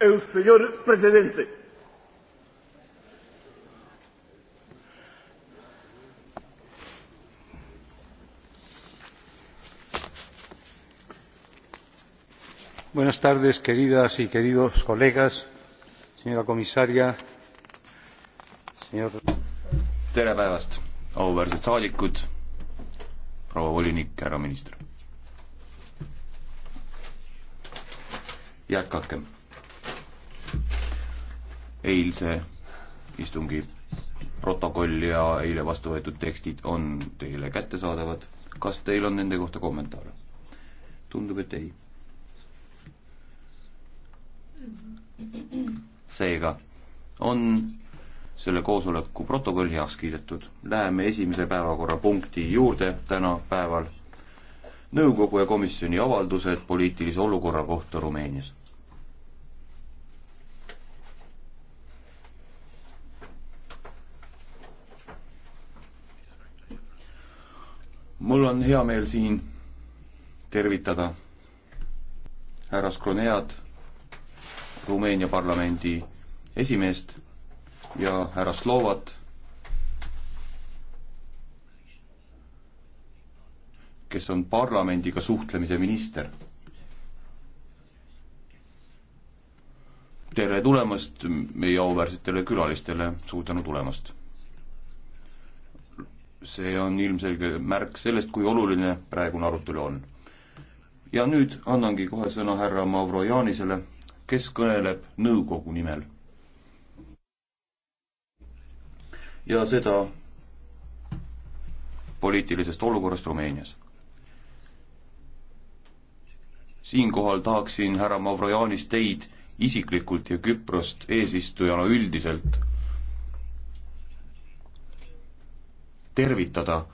el señor presidente. Buenas tardes, queridas y queridos colegas, señora komissaria, señor. tere päevast, auväärsed saadikud, proua volinik, härra minister. jätkakem eilse istungi protokoll ja eile vastu võetud tekstid on teile kättesaadavad. kas teil on nende kohta kommentaare? tundub, et ei. seega on selle koosoleku protokoll heaks kiidetud. Läheme esimese päevakorrapunkti juurde täna päeval. nõukogu ja komisjoni avaldused poliitilise olukorra kohta Rumeenias mul on hea meel siin tervitada härra Skronead, Rumeenia parlamendi esimeest ja härra Slovat, kes on parlamendiga suhtlemise minister. tere tulemast meie auväärsetele külalistele, suur tänu tulemast see on ilmselge märk sellest, kui oluline praegune arutelu on. ja nüüd annangi kohe sõna härra Mavro Jaanisele, kes kõneleb nõukogu nimel. ja seda poliitilisest olukorrast Rumeenias. siinkohal tahaksin, härra Mavrojanis, teid isiklikult ja Küprost eesistujana üldiselt tervitada